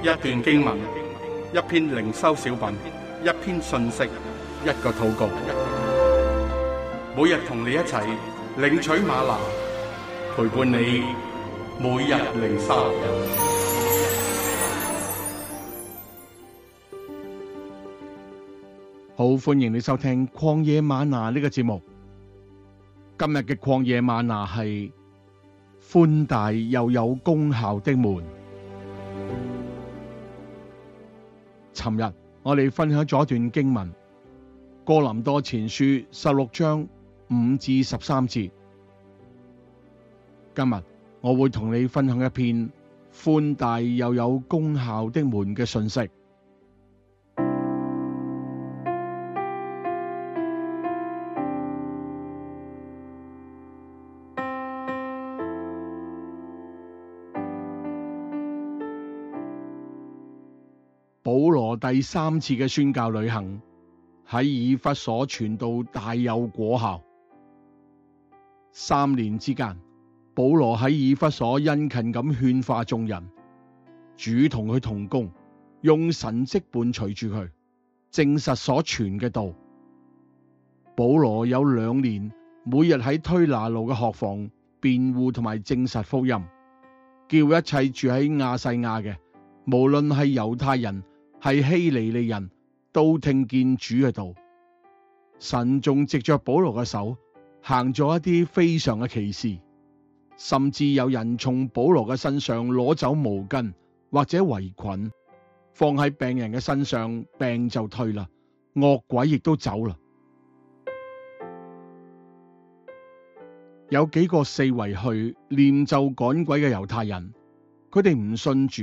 一段經文，一篇靈修小品，一篇信息，一個禱告。每日同你一齊領取嗎哪，陪伴你每日靈修。好，歡迎你收聽《曠野嗎哪》呢個節目。今日嘅曠野嗎哪係寬大又有功效的門。尋日，我哋分享咗一段經文《哥林多前書》十六章五至十三節，今日我會同你分享一篇寬大又有功效的門嘅信息。保羅第三次嘅宣教旅行喺以弗所傳道大有果效。三年之間，保羅喺以弗所殷勤咁勸化眾人，主同佢同工，用神跡伴隨住佢，證實所傳嘅道。保羅有兩年，每日喺推拿路嘅學房辯護同埋證實福音，叫一切住喺亞細亞嘅，無論係猶太人，係希利尼人都聽見主嘅道，神仲藉着保羅嘅手行咗一啲非常嘅奇事，甚至有人從保羅嘅身上攞走毛巾或者圍裙，放喺病人嘅身上，病就退啦，惡鬼亦都走啦。有幾個四圍去念咒趕鬼嘅猶太人，佢哋唔信主，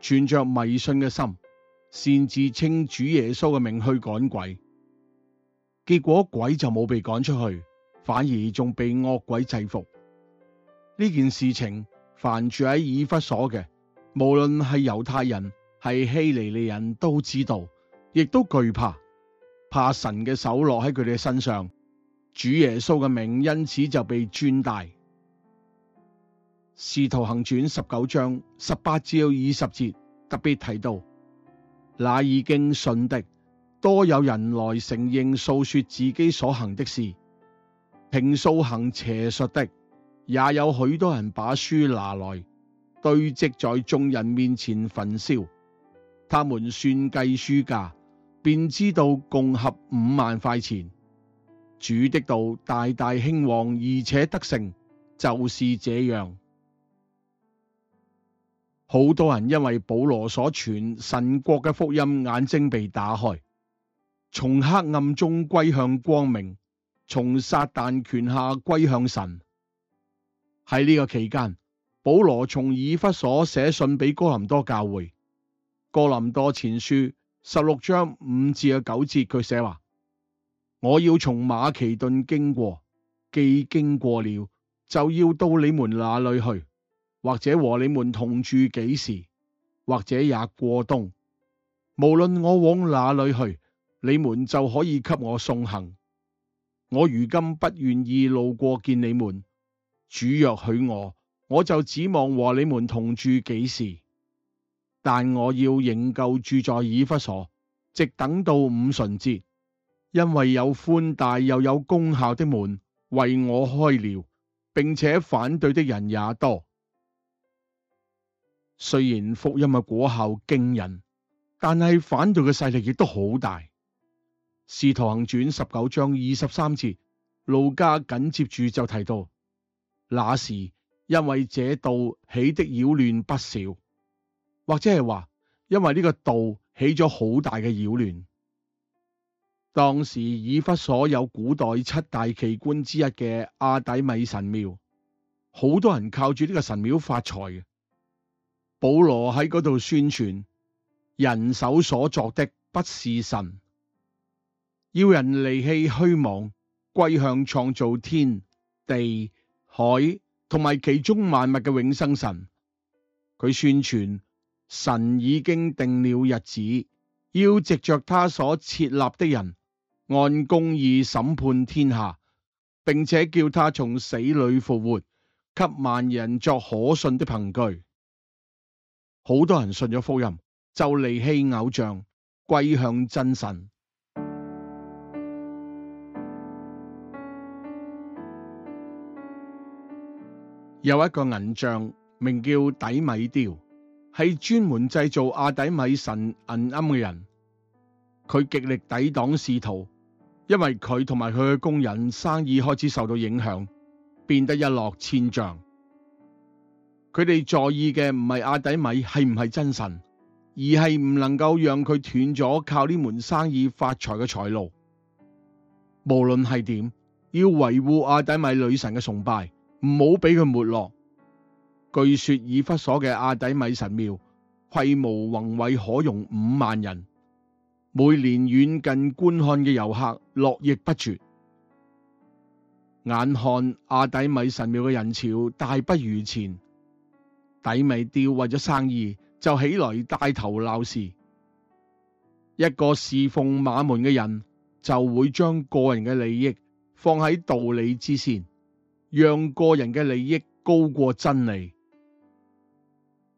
存着迷信嘅心。擅自稱主耶穌嘅名去趕鬼，結果鬼就冇被趕出去，反而仲被惡鬼制服。呢件事情，凡住喺以弗所嘅，無論係猶太人、係希利尼人都知道，亦都懼怕，怕神嘅手落喺佢哋身上。主耶穌嘅名因此就被尊大。使徒行傳十九章十八至二十節特別提到。那已經信的，多有人來承認訴說自己所行的事。平素行邪術的，也有許多人把書拿來堆積在眾人面前焚燒。他們算計書價，便知道共合五萬塊錢。主的道大大興旺，而且得勝，就是這樣。好多人因為保羅所傳神國嘅福音，眼睛被打開，從黑暗中歸向光明，從撒旦權下歸向神。喺呢個期間，保羅從以弗所寫信俾哥林多教會，《哥林多前書》十六章五至嘅九節，佢寫話：我要從馬其頓經過，既經過了，就要到你們那裏去。或者和你們同住幾時，或者也過冬。無論我往哪裏去，你們就可以給我送行。我如今不願意路過見你們。主若許我，我就指望和你們同住幾時。但我要仍舊住在以弗所，直等到五旬節，因為有寬大又有功效的門為我開了，並且反對的人也多。雖然福音嘅果效驚人，但係反對嘅勢力亦都好大。《使徒行傳》十九章二十三節，路加緊接住就提到，那時因為這道起的擾亂不少，或者係話因為呢個道起咗好大嘅擾亂。當時以弗所有古代七大奇觀之一嘅阿底米神廟，好多人靠住呢個神廟發財。保羅喺嗰度宣傳，人手所作的不是神，要人離棄虛妄，歸向創造天地海同埋其中萬物嘅永生神。佢宣傳，神已經定了日子，要藉着他所設立的人，按公義審判天下，並且叫他從死裏復活，給萬人作可信的憑據。好多人信咗福音，就離棄偶像，歸向真神。 有一個銀匠，名叫底米丟，係專門製造亞底米神銀龕嘅人。佢極力抵擋使徒，因為佢同埋佢嘅工人生意開始受到影響，變得一落千丈。佢哋在意嘅唔係阿底米，係唔係真神，而係唔能夠讓佢斷咗靠呢門生意發財嘅財路。無論係點，要維護阿底米女神嘅崇拜，唔好俾佢沒落。據說以弗所嘅阿底米神廟規模宏偉，可容五萬人，每年遠近觀看嘅遊客絡繹不絕。眼看阿底米神廟嘅人潮大不如前。底米丟，為咗生意就起來帶頭鬧事。一個侍奉馬門嘅人就會將個人嘅利益放喺道理之先，讓個人嘅利益高過真理。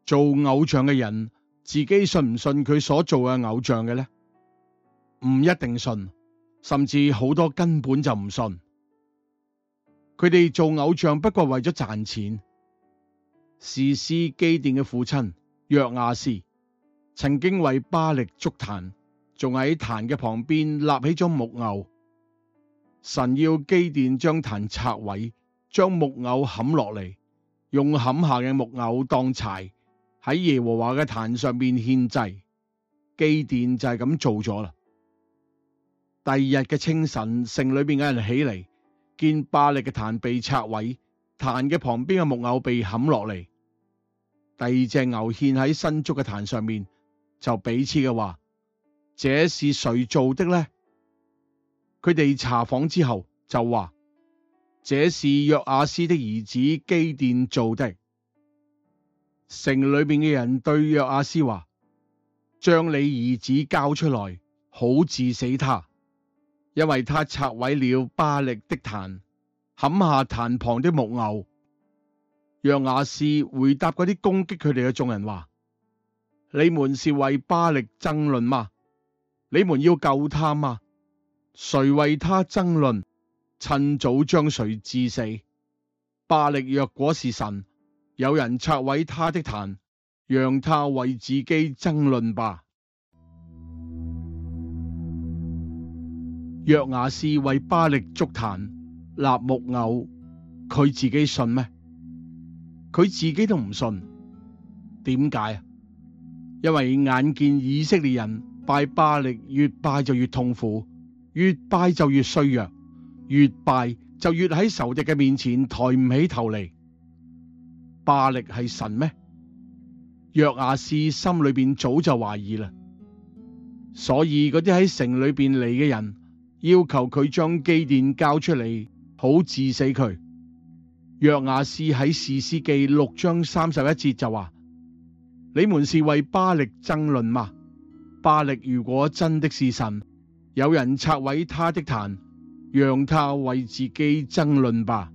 做偶像嘅人自己信唔信佢所做嘅偶像嘅咧？唔一定信，甚至好多根本就唔信。佢哋做偶像不過為咗賺錢。士師基甸嘅父親約亞斯，曾經為巴力築壇，仲喺壇嘅旁邊立起咗木偶。神要基甸將壇拆毀，將木偶砍落嚟，用砍下嘅木偶當柴，喺耶和華嘅壇上面獻祭。基甸就係咁做咗啦。第二日嘅清晨，城裏邊嘅人起嚟，見巴力嘅壇被拆毀，壇嘅旁邊嘅木偶被砍落嚟。第二隻牛獻喺新築嘅壇上面，就彼此嘅話，這是誰做的呢？佢哋查訪之後就話，這是約亞斯的兒子基甸做的。城裏邊嘅人對約亞斯話：將你兒子交出來，好治死他，因為他拆毀了巴力的壇，冚下壇旁的木牛。約阿施回答嗰啲攻擊佢哋嘅眾人話：你們是為巴力爭論嗎？你們要救他嗎？誰為他爭論？趁早將誰治死？巴力若果是神，有人拆毀他的壇，讓他為自己爭論吧。約阿施為巴力築壇立木偶，佢自己信咩？佢自己都唔信，點解啊？因為眼見以色列人拜巴力，越拜就越痛苦，越拜就越衰弱，越拜就越喺仇敵嘅面前抬唔起頭嚟。巴力係神咩？約阿施心裏邊早就懷疑啦，所以嗰啲喺城裏邊嚟嘅人要求佢將基甸交出嚟，好治死佢。約雅斯喺士師記六章三十一節就話：你們是為巴力爭論嗎？巴力如果真的是神，有人拆毀他的壇，讓他為自己爭論吧。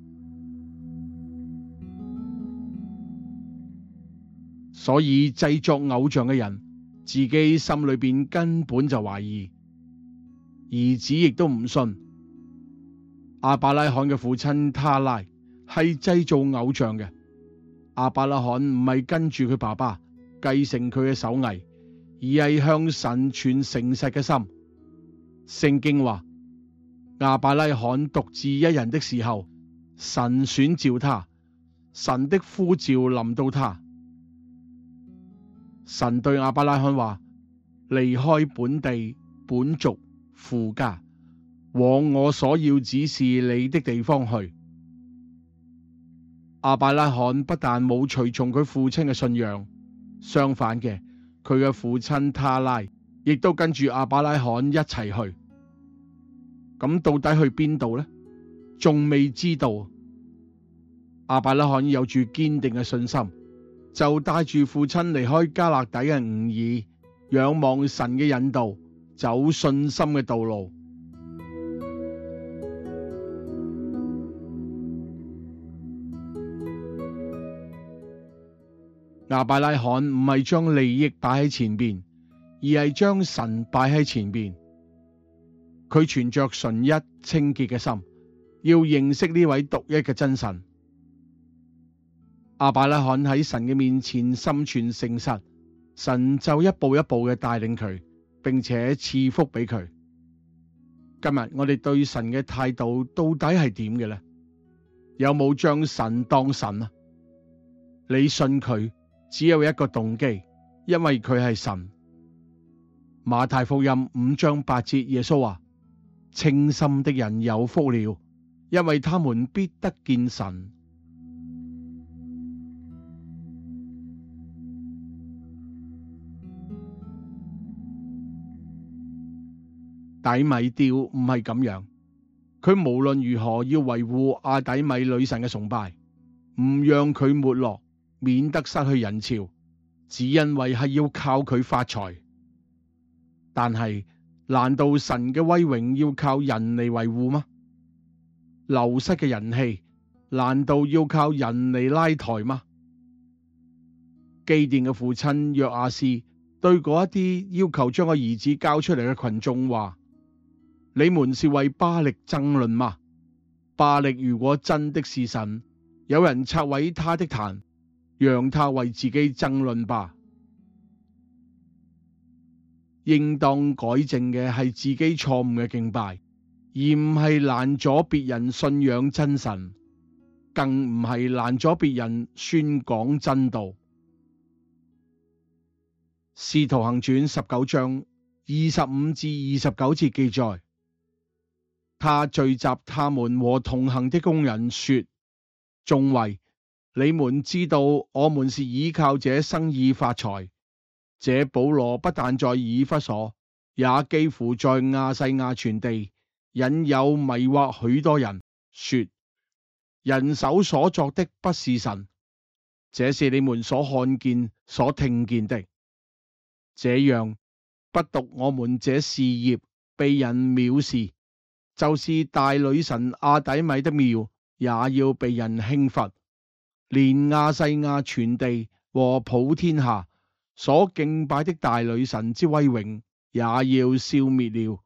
所以製作偶像嘅人，自己心裏邊根本就懷疑，兒子亦都唔信。亞伯拉罕嘅父親他拉。係製造偶像嘅亞伯拉罕唔係跟住佢爸爸繼承佢嘅手藝，而係向神存誠實嘅心。聖經話亞伯拉罕獨自一人的時候，神選召他，神的呼召臨到他，神對亞伯拉罕話：離開本地本族父家，往我所要指示你的地方去。亞伯拉罕不但冇隨從佢父親嘅信仰，相反嘅，佢嘅父親他拉亦都跟住亞伯拉罕一齊去。咁到底去邊度呢？仲未知道。亞伯拉罕有住堅定嘅信心，就帶住父親離開迦勒底嘅吾珥，仰望神嘅引導，走信心嘅道路。阿伯拉罕唔係將利益擺喺前邊，而係將神擺喺前邊。佢存着純一清潔嘅心，要認識呢位獨一嘅真神。阿伯拉罕喺神嘅面前心存誠實，神就一步一步嘅帶領佢，並且賜福俾佢。今日我哋對神嘅態度到底係點嘅咧？有冇將神當神啊？你信佢？只有一個動機，因為佢係神。馬太福音五章八節，耶穌話：清心的人有福了，因為他們必得見神。底米丟唔係咁樣，佢無論如何要維護阿底米女神嘅崇拜，唔讓佢沒落。免得失去人潮，只因為係要靠佢發財。但係，難道神嘅威榮要靠人嚟維護嗎？流失嘅人氣，難道要靠人嚟拉抬嗎？基甸嘅父親約阿施對嗰一啲要求將個兒子交出嚟嘅群眾話：你們是為巴力爭論嗎？巴力如果真的是神，有人拆毀他的壇。讓他為自己爭論吧。應當改正嘅係自己錯誤嘅敬拜，而唔係攔阻別人信仰真神，更唔係攔阻別人宣講真道。《使徒行傳》十九章二十五至二十九節記載，他聚集他們和同行的工人說：眾位。你們知道，我們是倚靠這生意發財。這保羅不但在以弗所，也幾乎在亞細亞全地引誘迷惑許多人，說人手所作的不是神，這是你們所看見、所聽見的。這樣不獨我們這事業被人藐視，就是大女神阿底米的廟也要被人輕忽。連亞西亞全地和普天下所敬拜的大女神之威榮，也要消滅了。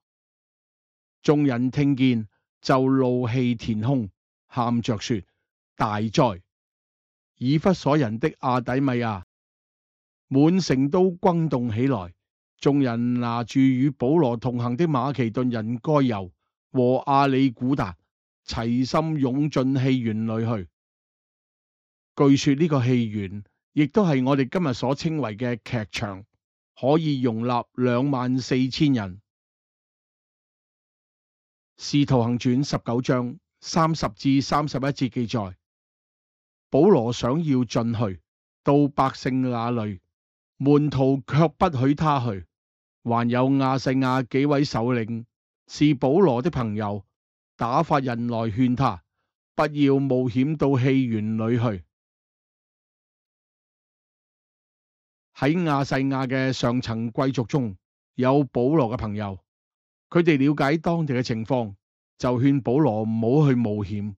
眾人聽見就怒氣填胸，喊着說：大災！以弗所人的亞底米啊，滿城都轟動起來。眾人拿住與保羅同行的馬其頓人該猶和阿里古達，齊心湧進戲園裏去。據說呢個戲院亦都係我哋今日所稱為嘅劇場，可以容納兩萬四千人。《使徒行傳》十九章三十至三十一節記載，保羅想要進去到百姓那裏，門徒却不許他去。還有亞細亞幾位首領是保羅的朋友，打發人來勸他，不要冒險到戲院裏去。喺亞細亞嘅上層貴族中有保羅嘅朋友，佢哋了解當地嘅情況，就勸保羅唔好去冒險。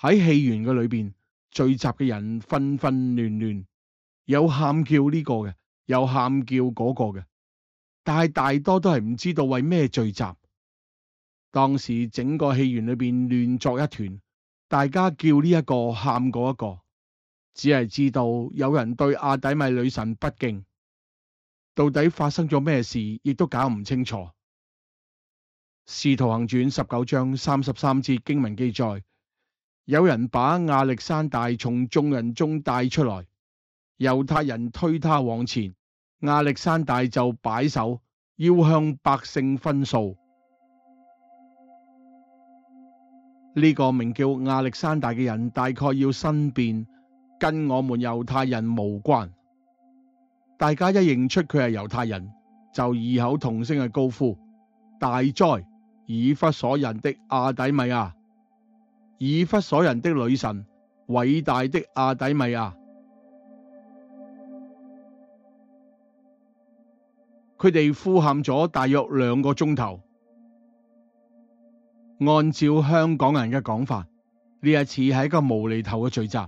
喺戲園嘅裏邊聚集嘅人紛紛亂亂，有喊叫呢個嘅，有喊叫嗰個嘅，但係大多都係唔知道為咩聚集。當時整個戲園裏邊亂作一團，大家叫呢一個喊嗰一個。只係知道有人對亞底米女神不敬，到底發生咗咩事，亦都搞唔清楚。《使徒行傳》十九章三十三節經文記載，有人把亞歷山大從眾人中帶出來，猶太人推他往前，亞歷山大就擺手要向百姓分訴。呢、這個名叫亞歷山大嘅人大概要申辯，跟我們猶太人無關，大家一認出佢係猶太人，就異口同聲嘅高呼：大哉以弗所人的亞底米啊，以弗所人的女神，偉大的亞底米啊！佢哋呼喊咗大約兩個鐘頭。按照香港人嘅講法，呢一次係一個無厘頭嘅聚集。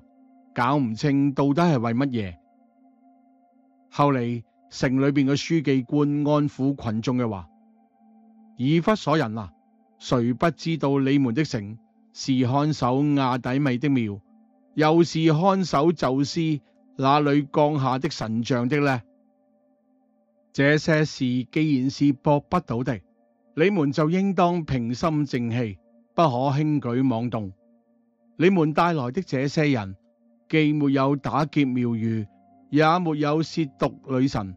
搞唔清到底係為乜嘢？後嚟城裏邊嘅書記官安撫群眾嘅話：以弗所人啊，誰不知道你們的城是看守亞底米的廟，又是看守宙斯那裏降下的神像的呢？這些事既然是駁不倒的，你們就應當平心靜氣，不可輕舉妄動。你們帶來的這些人。既沒有打劫廟宇，也沒有褻瀆女神。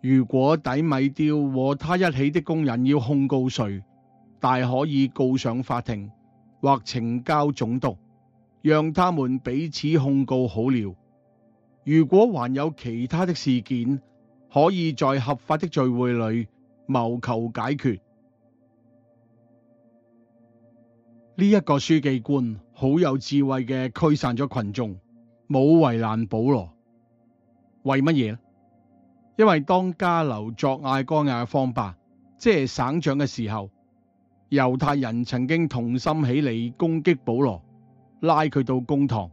如果底米丟和他一起的工人要控告誰，大可以告上法庭或呈交總督，讓他們彼此控告好了。如果還有其他的事件，可以在合法的聚會裏謀求解決。呢、這、一個書記官，好有智慧嘅驅散咗群眾，冇為難保羅。為乜嘢呢？因為當迦流作亞該亞方伯，即係省長嘅時候，猶太人曾經同心起嚟攻擊保羅，拉佢到公堂。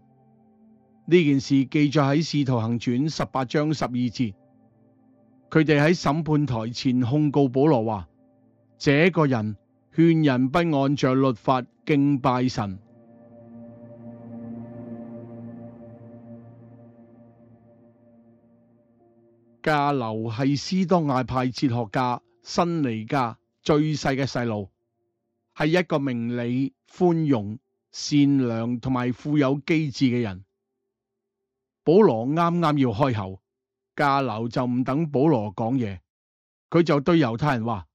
呢件事記載喺《使徒行傳》十八章十二節。佢哋喺審判台前控告保羅話：「這個人勸人不按照律法敬拜神。加流係斯多亞派哲學家辛尼加最細嘅細路，係一個明理、寬容、善良同埋富有機智嘅人。保羅啱啱要開口，加流就唔等保羅講嘢，佢就對猶太人話：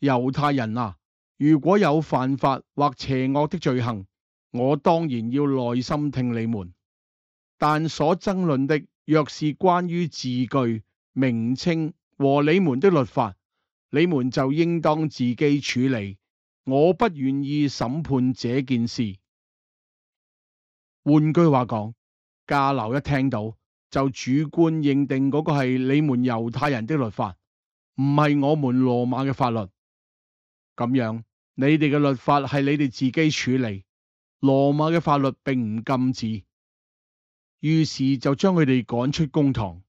猶太人啊，如果有犯法或邪惡的罪行，我當然要耐心聽你們，但所爭論的若是關於字句，名稱和你們的律法，你們就應當自己處理。我不願意審判這件事。換句話講，迦流一聽到就主觀認定嗰個係你們猶太人的律法，唔係我們羅馬嘅法律。咁樣，你哋嘅律法係你哋自己處理，羅馬嘅法律並唔禁止。於是就將佢哋趕出公堂。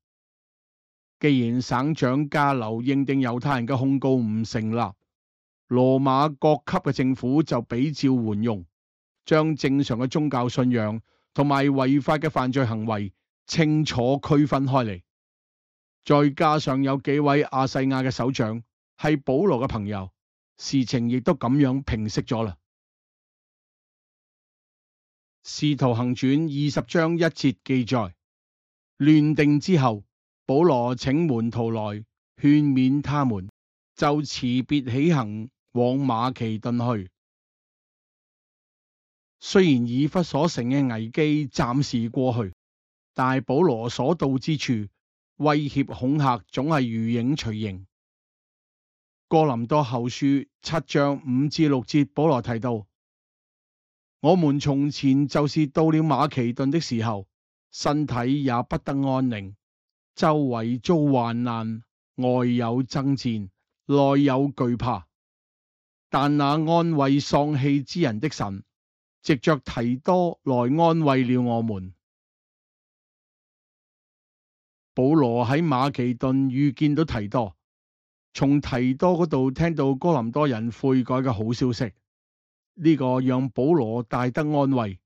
既然省長迦流認定猶太人嘅控告唔成立，羅馬各級嘅政府就比照援用，將正常嘅宗教信仰同埋違法嘅犯罪行為清楚區分開嚟。再加上有幾位亞細亞嘅首長係保羅嘅朋友，事情亦都咁樣平息咗啦。使徒行傳二十章一節記載，亂定之後。保羅請門徒來勸勉他們，就辭別起行往馬其頓去。雖然以弗所城嘅危機暫時過去，但保羅所到之處，威脅恐嚇總係如影隨形。哥林多後書七章五至六節，保羅提到：我們從前就是到了馬其頓的時候，身體也不得安寧。周圍遭患難，外有爭戰，內有懼怕。但那安慰喪氣之人的神，藉着提多來安慰了我們。保羅喺馬其頓遇見到提多，從提多嗰度聽到哥林多人悔改嘅好消息，呢個讓保羅大得安慰。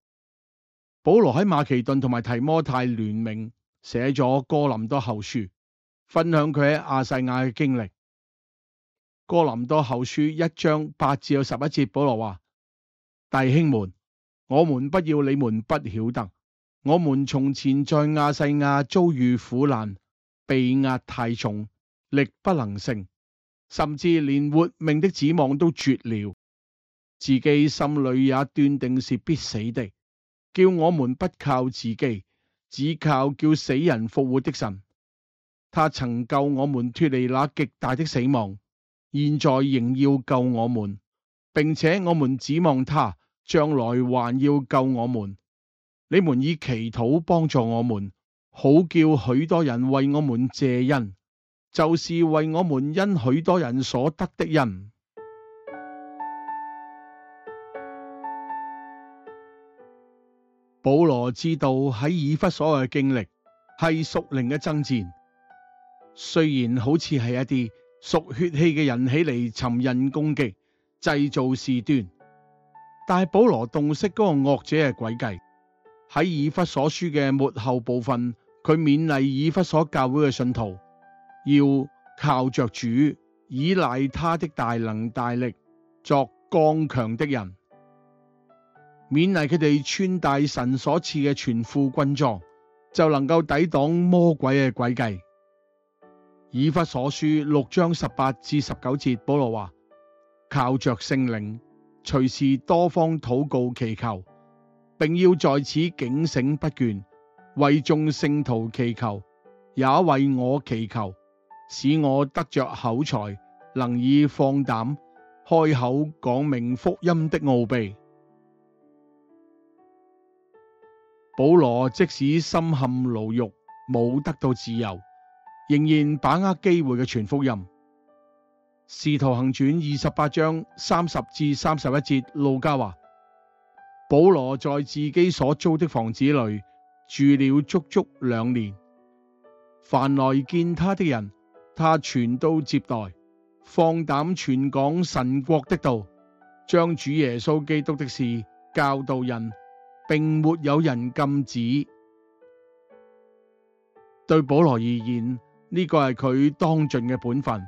保羅喺馬其頓同埋提摩太聯名。寫咗哥林多後書，分享佢喺亞細亞嘅經歷。哥林多後書一章八至十一節，保羅話：弟兄們，我們不要你們不曉得，我們從前在亞細亞遭遇苦難，被壓太重，力不能勝，甚至連活命的指望都絕了，自己心裏也斷定是必死的，叫我們不靠自己。只靠叫死人復活的神，他曾救我們脫離那極大的死亡，現在仍要救我們，並且我們指望他將來還要救我們。你們以祈禱幫助我們，好叫許多人為我們謝恩，就是為我們因許多人所得的恩。保羅知道喺以弗所嘅經歷係屬靈嘅爭戰，雖然好似係一啲屬血氣嘅人起嚟尋釁攻擊、製造事端，但係保羅洞悉嗰個惡者嘅詭計。喺以弗所書嘅末後部分，佢勉勵以弗所教會嘅信徒要靠着主依賴他的大能大力，作剛強的人。勉勵佢哋穿戴神所賜嘅全副軍裝，就能夠抵擋魔鬼嘅詭計。以弗所書六章十八至十九節，保羅話：靠着聖靈，隨時多方禱告祈求，並要在此警醒不倦，為眾聖徒祈求，也為我祈求，使我得着口才，能以放膽開口講明福音的奧秘。保羅即使深陷牢獄，冇得到自由，仍然把握機會嘅傳福音。使徒行傳二十八章三十至三十一節，路加話：保羅在自己所租的房子裏住了足足兩年，凡來見他的人，他全都接待，放膽傳講神國的道，將主耶穌基督的事教導人。並沒有人禁止。對保羅而言，呢個係佢當盡嘅本分，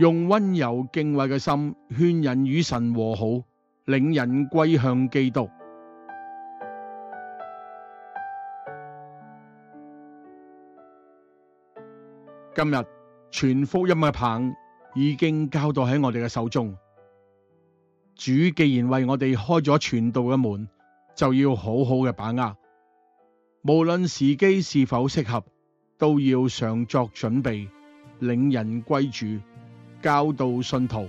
用温柔敬畏嘅心勸人與神和好，領人歸向基督。今日傳福音嘅棒已經交到喺我哋嘅手中，主既然為我哋開咗傳道嘅門，就要好好嘅把握，無論時機是否適合，都要常作準備，領人歸主，教導信徒，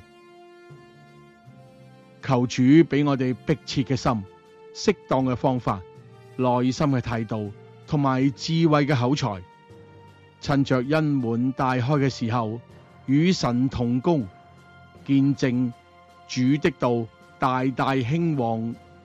求主俾我哋迫切嘅心、適當嘅方法、內心嘅態度同埋智慧嘅口才，趁着恩門大開嘅時候，與神同工，見證主的道大大興旺。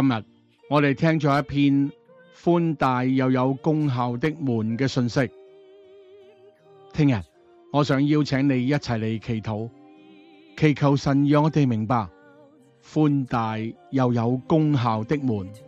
今日我哋聽咗一篇寬大又有功效的門嘅信息，聽日我想邀請你一齊嚟祈禱，祈求神讓我哋明白寬大又有功效的門。的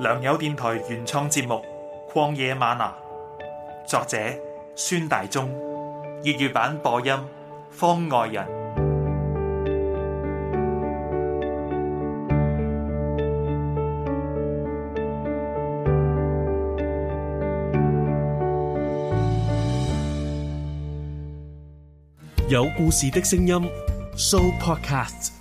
良友電台原創節目《曠野嗎哪》，作者孫大中，粵語版播音方外人，有故事的聲音 show podcast。